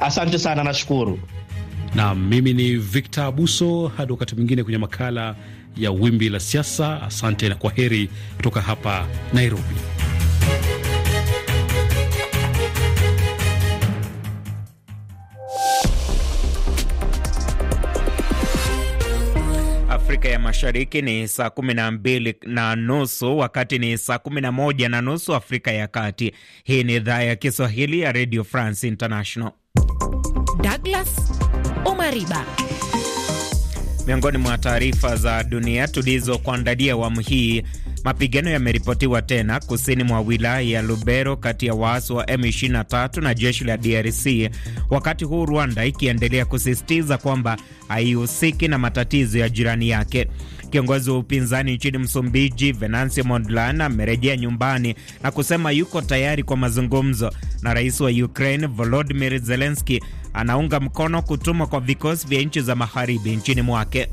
Asante sana, nashukuru. Na mimi ni Victor Abuso, hadi wakati mwingine kwenye makala ya Wimbi la Siasa. Asante na kwa heri kutoka hapa Nairobi. Afrika ya Mashariki ni saa kumi na mbili na nusu wakati ni saa kumi na moja na nusu Afrika ya Kati. Hii ni idhaa ya Kiswahili ya Radio France International. Douglas Omariba. Miongoni mwa taarifa za dunia tulizokuandalia awamu hii Mapigano yameripotiwa tena kusini mwa wilaya ya Lubero kati ya waasi wa M23 na jeshi la DRC, wakati huu Rwanda ikiendelea kusisitiza kwamba haihusiki na matatizo ya jirani yake. Kiongozi wa upinzani nchini Msumbiji, Venancio Mondlane, amerejea nyumbani na kusema yuko tayari kwa mazungumzo, na rais wa Ukraine volodimir zelenski anaunga mkono kutumwa kwa vikosi vya nchi za magharibi nchini mwake.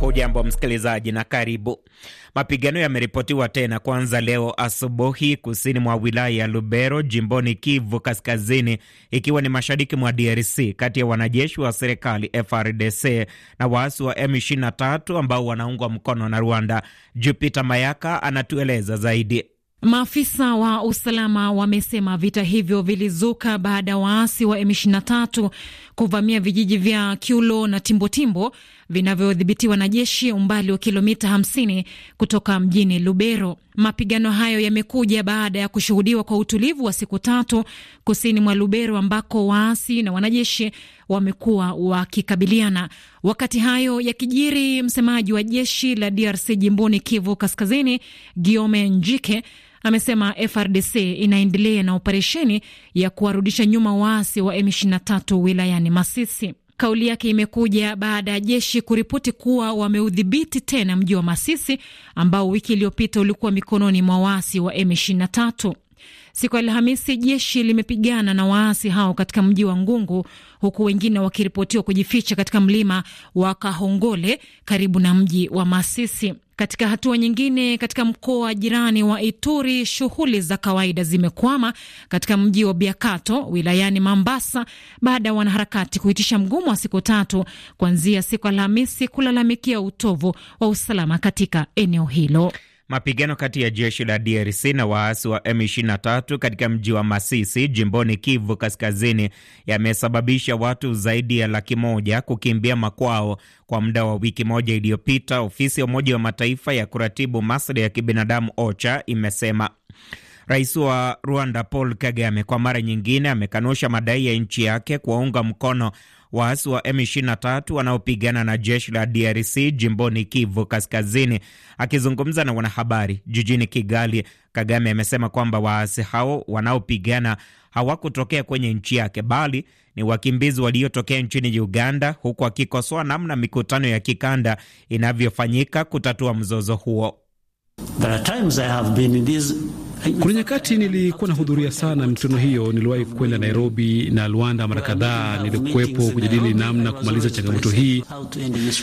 Hujambo msikilizaji na karibu. Mapigano yameripotiwa tena kuanza leo asubuhi kusini mwa wilaya ya Lubero jimboni Kivu Kaskazini, ikiwa ni mashariki mwa DRC, kati ya wanajeshi wa serikali FRDC na waasi wa M23 ambao wanaungwa mkono na Rwanda. Jupiter Mayaka anatueleza zaidi. Maafisa wa usalama wamesema vita hivyo vilizuka baada ya waasi wa M23 kuvamia vijiji vya Kiulo na Timbotimbo vinavyodhibitiwa na jeshi umbali wa kilomita 50 kutoka mjini Lubero. Mapigano hayo yamekuja baada ya kushuhudiwa kwa utulivu wa siku tatu kusini mwa Lubero, ambako waasi na wanajeshi wamekuwa wakikabiliana. Wakati hayo yakijiri, msemaji wa jeshi la DRC jimboni Kivu Kaskazini, Giome Njike, amesema FRDC inaendelea na operesheni ya kuwarudisha nyuma waasi wa M23 wilayani Masisi. Kauli yake imekuja baada ya jeshi kuripoti kuwa wameudhibiti tena mji wa Masisi ambao wiki iliyopita ulikuwa mikononi mwa waasi wa M23. Siku ya Alhamisi jeshi limepigana na waasi hao katika mji wa Ngungu, huku wengine wakiripotiwa kujificha katika mlima wa Kahongole karibu na mji wa Masisi. Katika hatua nyingine, katika mkoa jirani wa Ituri, shughuli za kawaida zimekwama katika mji wa Biakato wilayani Mambasa baada ya wanaharakati kuitisha mgomo wa siku tatu kuanzia siku Alhamisi kulalamikia utovu wa usalama katika eneo hilo. Mapigano kati ya jeshi la DRC na waasi wa M23 katika mji wa Masisi jimboni Kivu Kaskazini yamesababisha watu zaidi ya laki moja kukimbia makwao kwa muda wa wiki moja iliyopita, ofisi ya Umoja wa Mataifa ya kuratibu masuala ya kibinadamu OCHA imesema. Rais wa Rwanda Paul Kagame kwa mara nyingine amekanusha madai ya nchi yake kuwaunga mkono waasi wa M23 wanaopigana na jeshi la DRC jimboni Kivu Kaskazini. Akizungumza na wanahabari jijini Kigali, Kagame amesema kwamba waasi hao wanaopigana hawakutokea kwenye nchi yake bali ni wakimbizi waliotokea nchini Uganda, huku akikosoa namna mikutano ya kikanda inavyofanyika kutatua mzozo huo. There are times I have been in these kuna nyakati nilikuwa nahudhuria sana mikutano hiyo. Niliwahi kwenda Nairobi na Luanda mara kadhaa, nilikuwepo kujadili namna kumaliza changamoto hii.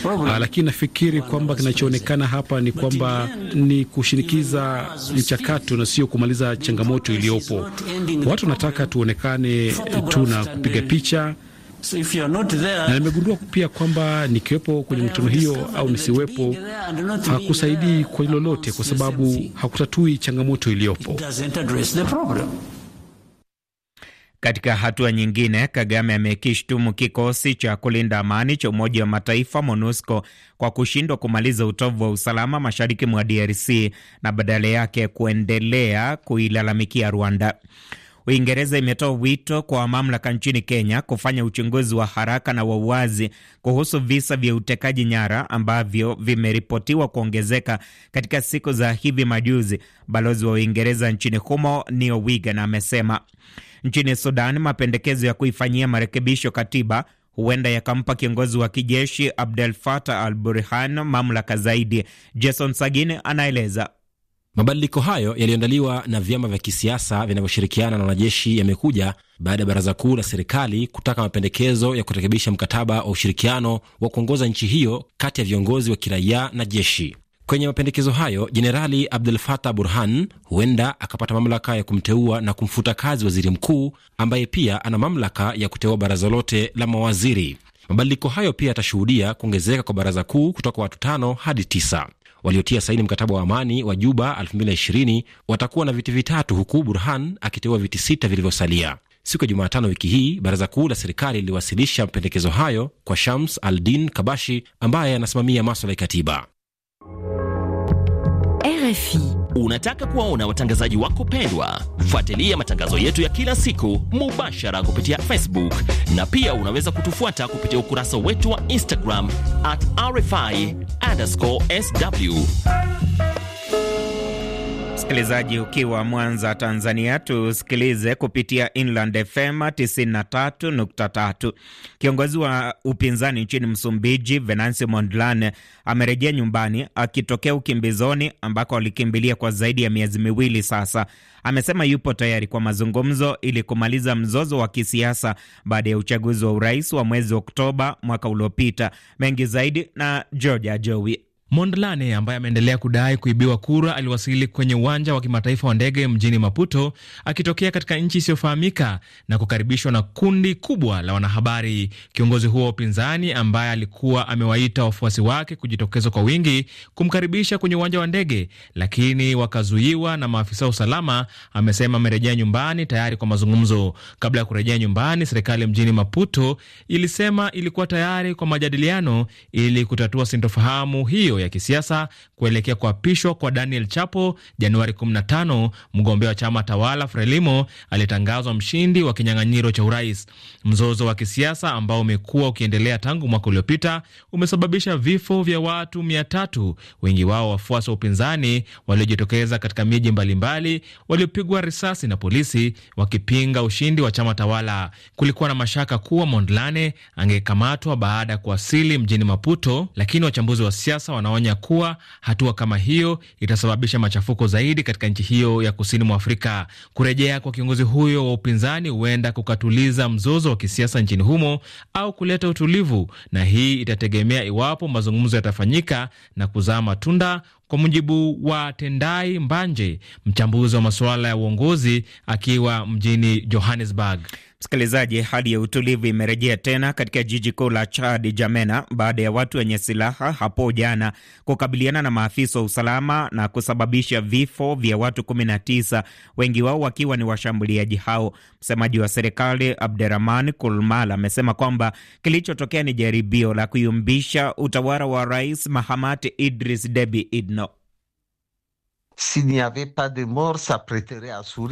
Uh, lakini nafikiri kwamba kinachoonekana hapa ni kwamba ni kushinikiza mchakato na sio kumaliza changamoto iliyopo. Watu wanataka tuonekane, tuna kupiga picha na nimegundua pia kwamba nikiwepo kwenye mikutano hiyo au nisiwepo, hakusaidii kwa lolote, kwa sababu hakutatui changamoto iliyopo. Katika hatua nyingine, Kagame amekishtumu kikosi cha kulinda amani cha Umoja wa Mataifa MONUSCO kwa kushindwa kumaliza utovu wa usalama mashariki mwa DRC na badala yake kuendelea kuilalamikia Rwanda. Uingereza imetoa wito kwa mamlaka nchini Kenya kufanya uchunguzi wa haraka na wa uwazi kuhusu visa vya utekaji nyara ambavyo vimeripotiwa kuongezeka katika siku za hivi majuzi. Balozi wa Uingereza nchini humo Neo Wigan amesema. Nchini Sudan, mapendekezo ya kuifanyia marekebisho katiba huenda yakampa kiongozi wa kijeshi Abdel Fattah al Burhan mamlaka zaidi. Jason sagin anaeleza. Mabadiliko hayo yaliyoandaliwa na vyama vya kisiasa vinavyoshirikiana na wanajeshi yamekuja baada ya baraza kuu la serikali kutaka mapendekezo ya kurekebisha mkataba wa ushirikiano wa kuongoza nchi hiyo kati ya viongozi wa kiraia na jeshi. Kwenye mapendekezo hayo, Jenerali Abdul Fatah Burhan huenda akapata mamlaka ya kumteua na kumfuta kazi waziri mkuu ambaye pia ana mamlaka ya kuteua baraza lote la mawaziri. Mabadiliko hayo pia yatashuhudia kuongezeka kwa baraza kuu kutoka watu tano hadi tisa waliotia saini mkataba wa amani wa Juba 2020 watakuwa na viti vitatu, huku Burhan akiteua viti sita vilivyosalia. Siku ya Jumatano wiki hii, baraza kuu la serikali liliwasilisha mapendekezo hayo kwa Shams Aldin Kabashi ambaye anasimamia maswala ya katiba. RFI. Unataka kuwaona watangazaji wako pendwa? Fuatilia matangazo yetu ya kila siku mubashara kupitia Facebook na pia unaweza kutufuata kupitia ukurasa wetu wa Instagram at RFI underscore SW. Msikilizaji ukiwa Mwanza, Tanzania, tusikilize kupitia Inland FM 93.3. Kiongozi wa upinzani nchini Msumbiji, Venancio Mondlane, amerejea nyumbani akitokea ukimbizoni ambako alikimbilia kwa zaidi ya miezi miwili sasa. Amesema yupo tayari kwa mazungumzo ili kumaliza mzozo wa kisiasa baada ya uchaguzi wa urais wa mwezi Oktoba mwaka uliopita. Mengi zaidi na Georgia Jowi. Mondlane ambaye ameendelea kudai kuibiwa kura aliwasili kwenye uwanja wa kimataifa wa ndege mjini Maputo akitokea katika nchi isiyofahamika na kukaribishwa na kundi kubwa la wanahabari. Kiongozi huo wa upinzani ambaye alikuwa amewaita wafuasi wake kujitokeza kwa wingi kumkaribisha kwenye uwanja wa ndege, lakini wakazuiwa na maafisa wa usalama, amesema amerejea nyumbani tayari kwa mazungumzo. Kabla ya kurejea nyumbani, serikali mjini Maputo ilisema ilikuwa tayari kwa majadiliano ili kutatua sintofahamu hiyo matarajio ya kisiasa kuelekea kuapishwa kwa Daniel Chapo Januari 15, mgombea wa chama tawala Frelimo alitangazwa mshindi wa kinyang'anyiro cha urais. Mzozo wa kisiasa ambao umekuwa ukiendelea tangu mwaka uliopita umesababisha vifo vya watu mia tatu, wengi wao wafuasi wa upinzani waliojitokeza katika miji mbalimbali, waliopigwa risasi na polisi wakipinga ushindi wa chama tawala. Kulikuwa na mashaka kuwa Mondlane angekamatwa baada ya kuwasili mjini Maputo, lakini wachambuzi wa siasa wanaonya kuwa hatua kama hiyo itasababisha machafuko zaidi katika nchi hiyo ya kusini mwa Afrika. Kurejea kwa kiongozi huyo wa upinzani huenda kukatuliza mzozo wa kisiasa nchini humo au kuleta utulivu, na hii itategemea iwapo mazungumzo yatafanyika na kuzaa matunda kwa mujibu wa Tendai Mbanje, mchambuzi wa masuala ya uongozi akiwa mjini Johannesburg. Msikilizaji, hali ya utulivu imerejea tena katika jiji kuu la Chad, Jamena, baada ya watu wenye silaha hapo jana kukabiliana na maafisa wa usalama na kusababisha vifo vya watu 19, wengi wao wakiwa ni washambuliaji hao. Msemaji wa serikali Abderrahman Kulmal amesema kwamba kilichotokea ni jaribio la kuyumbisha utawala wa Rais Mahamat Idris Debi Itno.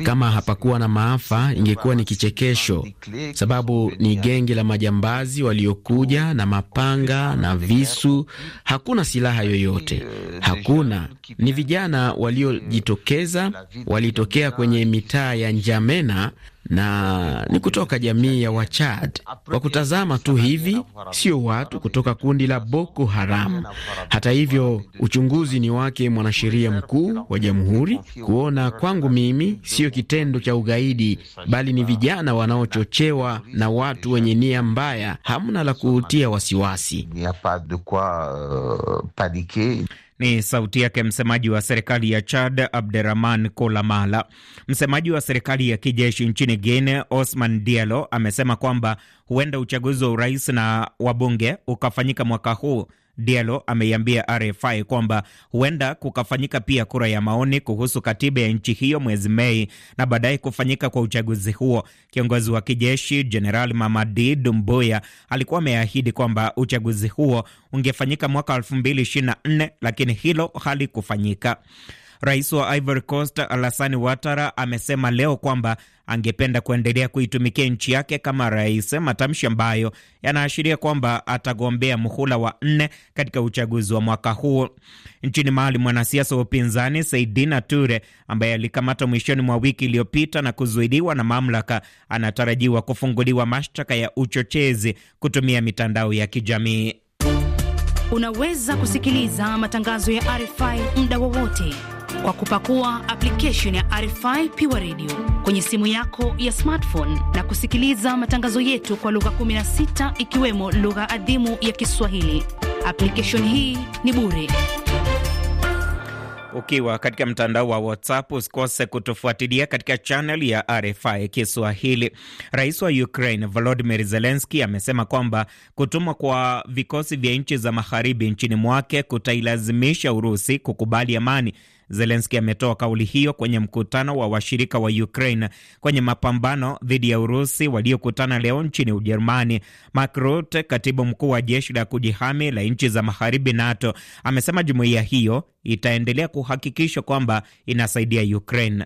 Kama hapakuwa na maafa, ingekuwa ni kichekesho, sababu ni genge la majambazi waliokuja na mapanga na visu. Hakuna silaha yoyote, euh, hakuna. Ni vijana waliojitokeza, walitokea kwenye mitaa ya Njamena na ni kutoka jamii ya Wachad. Kwa kutazama tu hivi, sio watu kutoka kundi la Boko Haram. Hata hivyo, uchunguzi ni wake mwanasheria mkuu wa jamhuri. Kuona kwangu mimi, sio kitendo cha ugaidi, bali ni vijana wanaochochewa na watu wenye nia mbaya. Hamna la kuutia wasiwasi. Ni sauti yake msemaji wa serikali ya Chad, Abderrahman Kolamala. Msemaji wa serikali ya kijeshi nchini Guine, Osman Diallo, amesema kwamba huenda uchaguzi wa urais na wabunge ukafanyika mwaka huu Dialo ameiambia RFI kwamba huenda kukafanyika pia kura ya maoni kuhusu katiba ya nchi hiyo mwezi Mei na baadaye kufanyika kwa uchaguzi huo. Kiongozi wa kijeshi Jeneral Mamadi Dumbuya alikuwa ameahidi kwamba uchaguzi huo ungefanyika mwaka 2024 lakini hilo halikufanyika. Rais wa Ivory Coast Alassani Ouattara amesema leo kwamba angependa kuendelea kuitumikia nchi yake kama rais, matamshi ambayo yanaashiria kwamba atagombea muhula wa nne katika uchaguzi wa mwaka huu. Nchini Mali, mwanasiasa wa upinzani Seidina Ture ambaye alikamatwa mwishoni mwa wiki iliyopita na kuzuiliwa na mamlaka, anatarajiwa kufunguliwa mashtaka ya uchochezi kutumia mitandao ya kijamii. Unaweza kusikiliza matangazo ya RFI muda wowote kwa kupakua application ya RFI Pure Radio kwenye simu yako ya smartphone na kusikiliza matangazo yetu kwa lugha 16 ikiwemo lugha adhimu ya Kiswahili. Application hii ni bure. Ukiwa katika mtandao wa WhatsApp usikose kutufuatilia katika channel ya RFI Kiswahili. Rais wa Ukraine volodimir zelenski amesema kwamba kutumwa kwa vikosi vya nchi za magharibi nchini mwake kutailazimisha Urusi kukubali amani Zelenski ametoa kauli hiyo kwenye mkutano wa washirika wa Ukraine kwenye mapambano dhidi ya Urusi waliokutana leo nchini Ujerumani. Mark Rutte, katibu mkuu wa jeshi la kujihami la nchi za magharibi NATO, amesema jumuiya hiyo itaendelea kuhakikisha kwamba inasaidia Ukraine.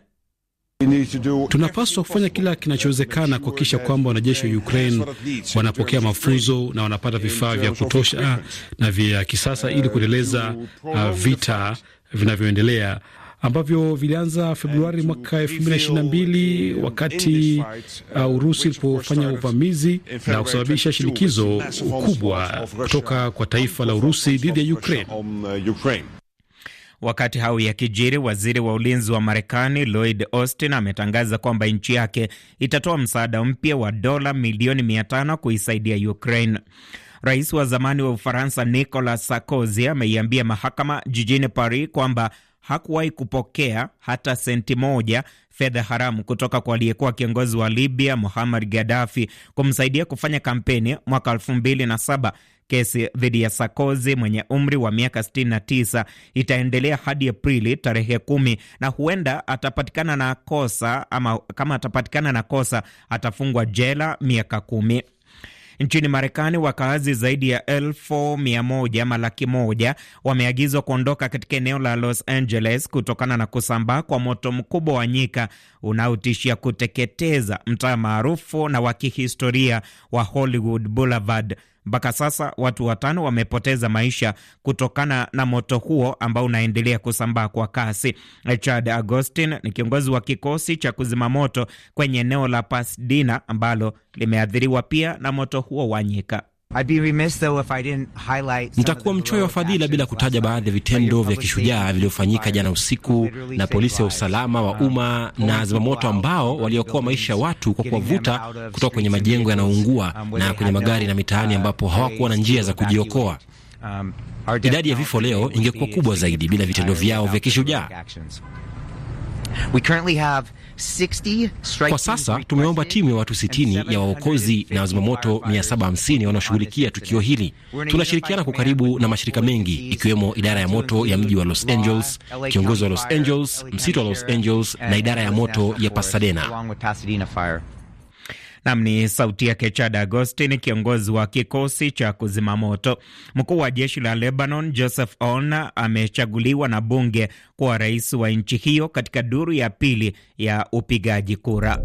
Tunapaswa kufanya kila kinachowezekana kuhakikisha kwamba wanajeshi wa Ukraine wanapokea mafunzo na wanapata vifaa vya kutosha na vya kisasa ili kuendeleza uh, vita vinavyoendelea ambavyo vilianza Februari mwaka mbili wakati uh, uh, Urusi ilipofanya uvamizi na kusababisha shinikizo kubwa kutoka kwa taifa la Urusi dhidi ya uh, Ukraine. Wakati hao yakijiri, waziri wa ulinzi wa Marekani Lloyd Austin ametangaza kwamba nchi yake itatoa msaada mpya wa dola milioni 5 kuisaidia Ukraine. Rais wa zamani wa Ufaransa Nicolas Sarkozy ameiambia mahakama jijini Paris kwamba hakuwahi kupokea hata senti moja fedha haramu kutoka kwa aliyekuwa kiongozi wa Libya Muhammad Gaddafi kumsaidia kufanya kampeni mwaka elfu mbili na saba. Kesi dhidi ya Sarkozy mwenye umri wa miaka 69 itaendelea hadi Aprili tarehe kumi, na huenda atapatikana na kosa ama kama atapatikana na kosa atafungwa jela miaka kumi. Nchini Marekani, wakaazi zaidi ya elfu mia moja ama laki moja wameagizwa kuondoka katika eneo la Los Angeles kutokana na kusambaa kwa moto mkubwa wa nyika unaotishia kuteketeza mtaa maarufu na wa kihistoria wa Hollywood Boulevard. Mpaka sasa watu watano wamepoteza maisha kutokana na moto huo ambao unaendelea kusambaa kwa kasi. Richard Agostin ni kiongozi wa kikosi cha kuzima moto kwenye eneo la Pasadena ambalo limeathiriwa pia na moto huo wa nyika. Nitakuwa mchoyo wa fadhila bila kutaja baadhi ya vitendo vya kishujaa vilivyofanyika jana usiku na polisi wa usalama wa um, umma na zimamoto ambao waliokoa maisha ya watu kwa kuwavuta kutoka kwenye majengo yanayoungua um, na kwenye magari na mitaani uh, ambapo hawakuwa na njia za kujiokoa. Um, idadi ya vifo leo ingekuwa kubwa zaidi bila vitendo vyao vya kishujaa. We currently have 60 Kwa sasa tumeomba timu ya watu 60 ya waokozi na wazimamoto 750 wanaoshughulikia tukio hili. Tunashirikiana kwa karibu na mashirika mengi ikiwemo idara ya moto ya mji wa Los Angeles, kiongozi wa Los Angeles, msitu wa Los Angeles na idara ya moto ya Pasadena. Nam ni sauti yake agosti Agostin, kiongozi wa kikosi cha kuzima moto. Mkuu wa jeshi la Lebanon Joseph On amechaguliwa na bunge kuwa rais wa nchi hiyo katika duru ya pili ya upigaji kura.